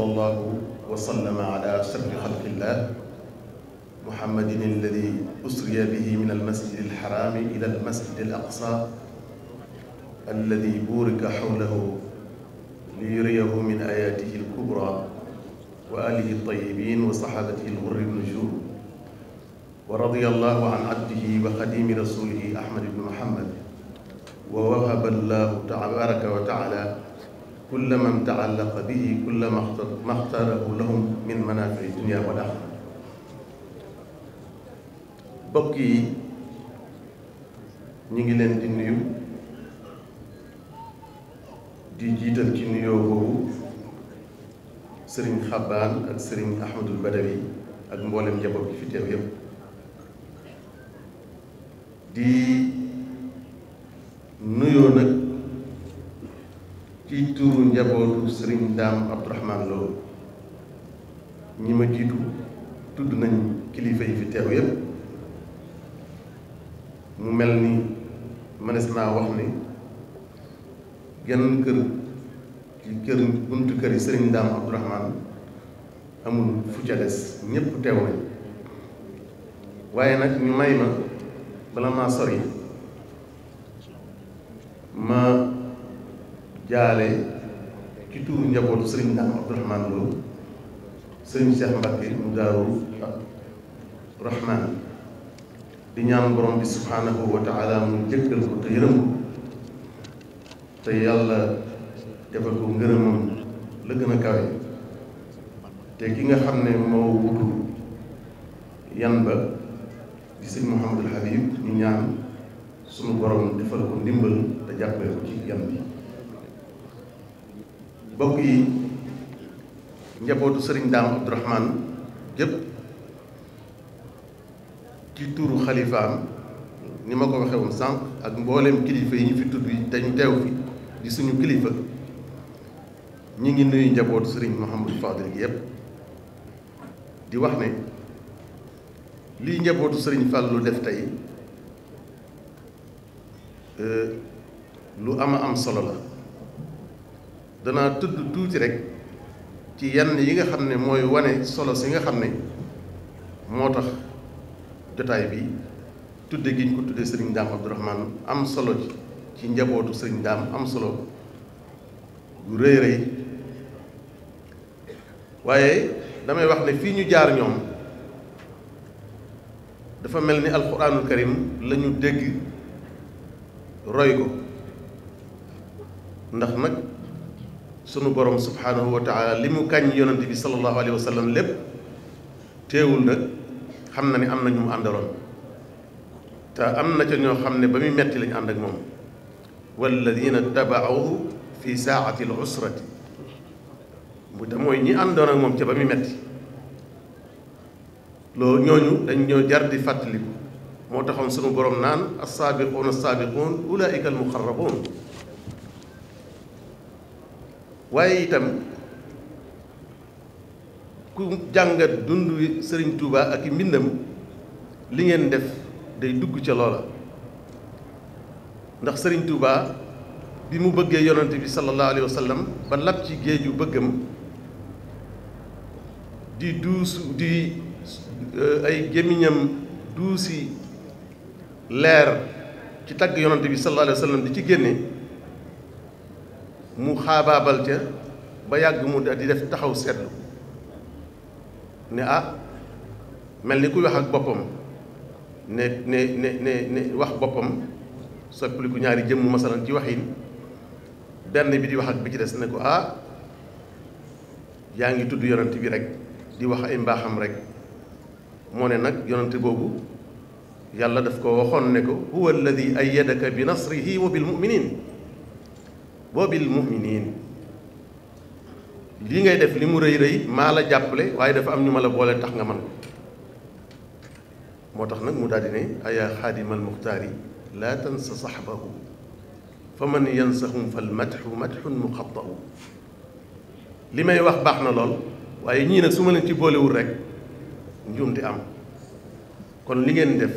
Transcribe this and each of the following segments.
sallallahu wa sallama ala ashrafi xalqillah muhammadin alladi usriya bihi min almasjid alxarami ila almasjid alaqsa alladi burika xawlahu liyuriyahu min ayatihi alkubra wa alihi altayibin wa saxaabatihi alghurri nnujur wa radiya allahu an abdihi wa xadimi rasulihi ahmad ibn muhammad wa wahaba allahu tabaraka wa taala kulla man taallaqa bihi kulla maxtarahu lahum min manaafici dunya wal axira bokk yi ñu ngi leen di nuyu di jiital ci nuyoo boobu sëriñ xabaan ak sëriñ ahmadul badawi ak mboolem njaboot gi fi yépp di ci tuuru njabootu sëriñ Daam Abdourahmane ñi ma jiitu tudd nañ kilifa yi fi teew yépp mu mel ni mënees naa wax ni genn kër ci kër buntu kër yi sëriñ amul fu ca des ñépp teew nañ waaye nag ñu may ma bala maa sori ma jaale ci turu njabootu sëriñ Ndaam Abdourahmane Lo daaru rahman di ñaan borom bi subhanahu wa taala mu jëkkal ko te yërëm te yàlla defal ko ngërëmam la gën a kawe te ki nga xam ne moo wutu yan ba di sëñ Mouhamadul Habib ñu ñaan sunu borom defal ko ndimbal te jàppale ko ci yan bi bokk yi njabootu sëriñ daam abdourahman yëpp ci tuuru xalifaam ni ma ko waxee woon sànq ak mbooleem kilifa yi ñu fi tudd yi te teew fi di suñu kilifa ñi ngi nuyu njabootu sëriñ Mouhamadou Fadil gi yëpp di wax ne lii njabootu sëriñ lu def tey euh, lu ama am solo la dana tudd tuuti rekk ci yenn yi nga xam ne mooy wane solo si nga xam ne moo tax jotaay bi tudde gi ñu ko tuddee sëriñ Daam am solo ci njabootu sëriñ am solo gu rëy rëy waaye damay wax ne fii ñu jaar ñoom dafa mel ni alxuraanul karim lañu dégg roy ko ndax nag sunu borom subhaanahu wa li mu kañ yonante bi sallallahu alayhi wa sallam lépp teewul nag xam na ni am nañu mu àndaloon te am na ca ñoo xam ne ba muy metti lañu ànd ak moom walladina tabaauhu fi saati l usrati bu mooy ñi àndoon ak moom ca ba muy metti loolu ñooñu dañ ñoo jar di fàttaliku moo taxoon sunu borom naan assaabiquun assaabiquun ulaika almuqarrabuun waaye itam ku jàngat dund sëriñ tuubaa ak i mbindam li ngeen def day dugg ca loola ndax sëriñ Touba bi mu bëggee yonante bi sallallahu alayhi wa sallam ba lab ci géeju bëggam di duus di euh, ay gémmiñam duusi leer ci tagg yonante bi sallallahu alayhi wa di ci génne mu xaabaabal ca ba yàgg mu di def taxaw seetlu ne ah mel ni kuy wax ak boppam ne ne ne ne ne wax boppam soppiliku ñaari jëmm masalan ci waxin benn bi di wax ak bi ci des ne ko ah yaa ngi tudd yonent bi rek di wax ay mbaaxam rek moo ne nag yonent boobu yàlla daf ko waxoon ne ko huwa ay ayyadaka bi nasrihi wa bil muminin wa bil mu'minin lii ngay def li mu rëy rëy maa la jàppale waaye dafa am ñu ma la boole tax nga man ko moo tax nag mu daal di ne ayaa xaadimal muxtaari laa tansa saxbahu fa man yansahum fal matxu matxun muxattau li may wax baax na lool waaye ñii nag su ma leen ci boolewul rek njuum di am kon li ngeen def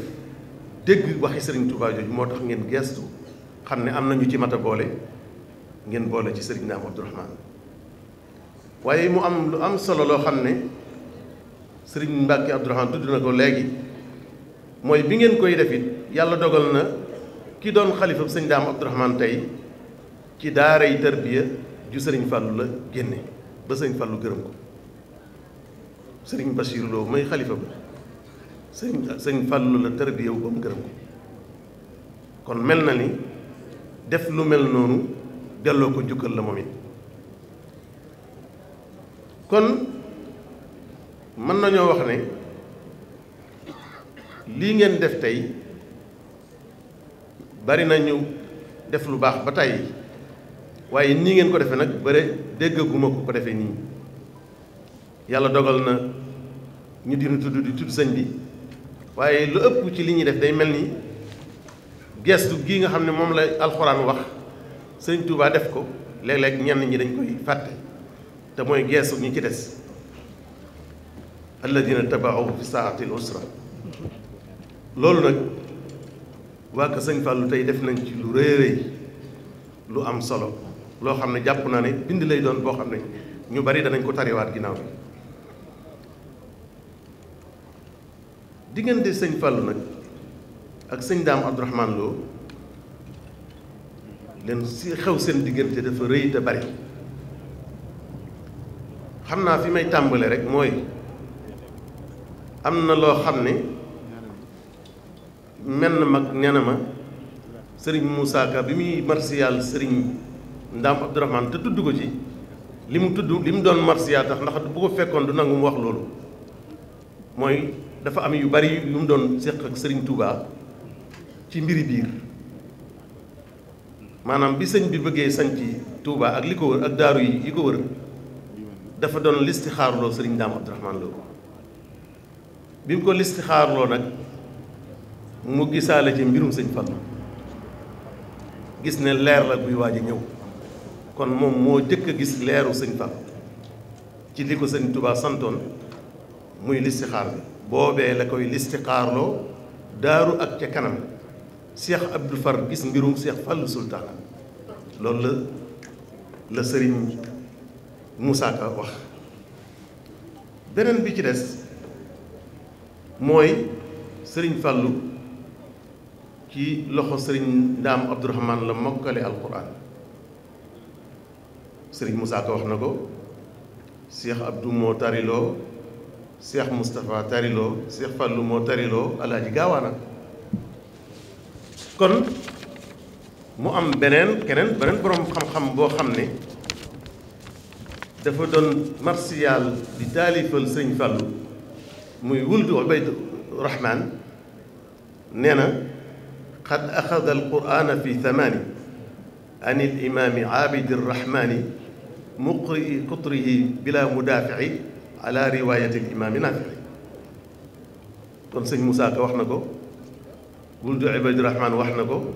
dégg waxi sëriñ Tuubaa jooju moo tax ngeen gestu xam ne am na ñu ci mat a boole ngeen boole ci sëriñ Ndaam Abdourahmane waaye mu am lu am solo loo xam ne sëriñ Mbàkke Abdourahmane tudd na ko léegi mooy bi ngeen koy def it yàlla dogal na ki doon xalifa sëñ Ndaam Abdourahmane tey ci daaray tarbiya ju sëriñ Fàllu la génne ba sëriñ Fàllu gërëm ko sëriñ Basiiru may xalifa ba sëriñ sëriñ Fàllu la tarbiya wu ba gërëm ko kon mel na ni def lu mel noonu delloo ko njukkal la moom it kon mën nañoo wax ne lii ngeen def tey bari nañu def lu baax ba tey waaye nii ngeen ko defee nag bari déggaguma ko ko defee nii yàlla dogal na ñu dina tudd di tudd sëñ bi waaye lu ëpp ci li ñuy def day mel ni gestu gii nga xam ne moom lay alxuraan wax sëñ Touba def ko léeg-léeg ñenn ñi dañ koy fàtte te mooy geesu ñi ci des alladina tabaahu fi saatil usra loolu nag waa ko sëñ Fallou tey def nañ ci lu rëy rëy lu am solo loo xam ne jàpp naa ne bind lay doon boo xam ne ñu bari danañ ko tariwaat ginnaaw bi diggante sëñ Fallou nag ak sëñ Daam Abdourahmane leen si xew seen diggante dafa rëy te bari xam naa fi may tàmbale rek mooy am na loo xam ne menn mag nee na ma sëriñ Moussa Ka bi muy marsiyaal sëriñ Ndaam Abdourahmane te tudd ko ci li mu tudd li mu doon marsiyaal tax ndax bu ko fekkoon du nangu mu wax loolu mooy dafa am yu bari yu mu doon séq ak sëriñ Touba ci mbiri biir maanaam bi sëñ bi bëggee sanc tuubaa ak li ko wër ak daaru yi yi ko wër dafa doon listixaarloo sëriñ Daam Abdourahmane Lo bi mu ko listixaarloo nag mu gisaale ci mbirum sëñ Fallu gis ne leer la buy waaj a ñëw kon moom moo jëkk a gis leeru sëñ Fallu ci li ko sëñ Touba santoon muy listixaar bi boobee la koy listixaarloo daaru ak ca kanam Cheikh Abdou Far gis mbirum Cheikh Fallou Sultan loolu la la Serigne Moussa Ka wax beneen bi ci des mooy sëriñ Fallou ci loxo Serigne Ndaam Abdourahman la mokkale alquran Serigne Moussa ko wax na ko Cheikh Abdou moo tariloo Cheikh Moustapha tariloo Cheikh Fallou moo tariloo Alaaji Gaawaana kon mu am beneen keneen beneen borom xam-xam boo xam ne dafa doon martial di taalifal sëñ Fallou muy wuldu ubayd rahman nee na qad axada alqurana fi thamani an ilimami abidi rrahmani muqrii kutrihi bila mudaafici ala riwayati alimami naafici kon sëñ Moussa Ka wax na ko wuldu Ibadirahman wax na ko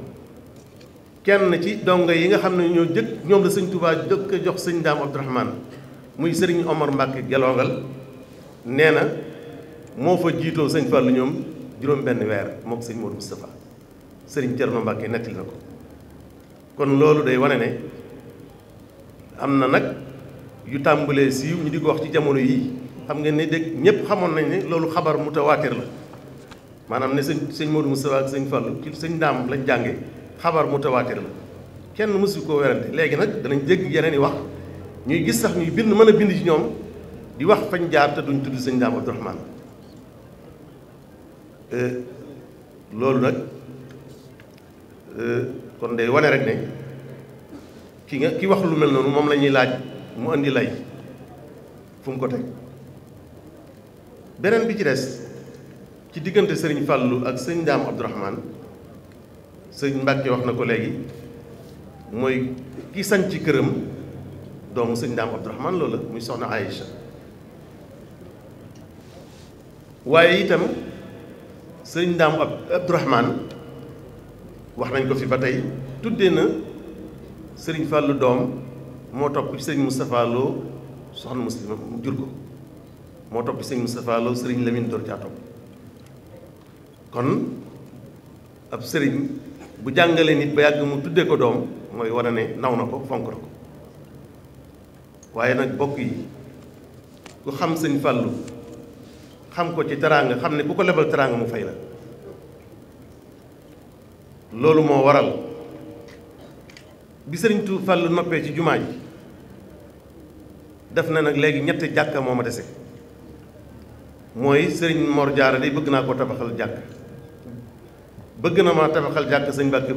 kenn ci dongo yi nga xam ne ñoo jëkk ñoom la sëñ Touba jëkk jox sëñ Daam Abdourahman muy sëriñ Omar Mbàkke Gelongal nee na moo fa jiitoo sëñ lu ñoom juróom benn weer mook sëñ Modou Moustapha sëriñ Thierno Mbàkke nettali na ko kon loolu day wane ne am na nag yu tàmbalee siiw ñu di ko wax ci jamono yii xam nga ne dégg ñëpp xamoon nañ ne loolu xabar mutawaatir la maanaam ne sëñ sëñ Modou Moustapha ak sëñ Fallou ci sëñ Daam lañ jànge xabar mutawaatir la kenn mësu koo werante léegi nag danañ jégg yeneen yi wax ñuy gis sax ñuy bind mën a bind ci ñoom di wax fañ jaar te duñ tudd sëñ Daam Abdourahmane euh, loolu nag euh, kon day wane rek ne ki nga ki wax lu mel noonu moom lañuy laaj mu indi lay fu mu ko teg beneen bi ci des ci diggante sëriñ Fallou ak sëñ Daam Abdourahmane sëriñ Mbàkke wax na ko léegi mooy ki sañ ci këram doomu sëñ Daam Abdourahmane loola muy soxna Aïcha waaye itam sëriñ Daam Abdourahmane wax nañ ko fi ba tey tuddee na sëriñ Fallou doom moo topp ci sëriñ Moustapha Lo soxna Muslima jur ko moo topp ci sëriñ Moustapha Lo sëriñ Lamine door caa topp kon ab sëriñ bu jàngalee nit ba yàgg mu tuddee ko doom mooy wane ne naw na ko fonk na ko waaye nag bokk yi ku xam sëñ Fallou xam ko ci teraanga xam ne ku ko lebal teraanga mu fay la loolu moo waral bi sëriñ tu Fallou noppee ci jumaa ji def na nag léegi ñett jàkka moo ma dese mooy sëriñ Mor Diarra bëgg naa koo tabaxal jàkk bëgg na maa tabaxal jàkk sëñ Mbàkke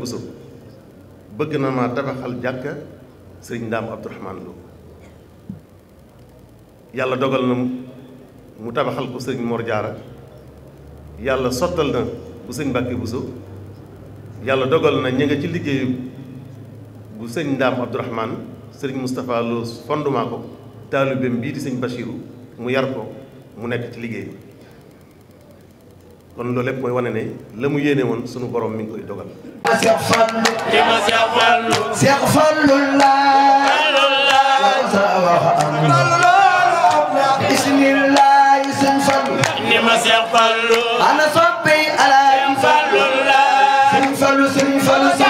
bëgg na maa tabaxal jàkk sëriñ Ndaam Abdourahmane Lo yàlla dogal na mu tabaxal ko sëriñ Mor Diarra yàlla sottal na bu sëñ Mbàkke Buso yàlla dogal na ña ci liggéeyu bu sëñ Ndaam Abdourahmane sëriñ Moustapha Lo fondement ko taalibeem bii di sëñ Bachiru mu yar ko mu nekk ci liggéey kon loolu lépp mooy wane ne la mu yéene woon sunu borom mi ngi koy dogal. Seex Fallu. Seex Fallu. Fallu laa. Bismillah Fallu. ni ma Fallu. ana soppi Fallu laa.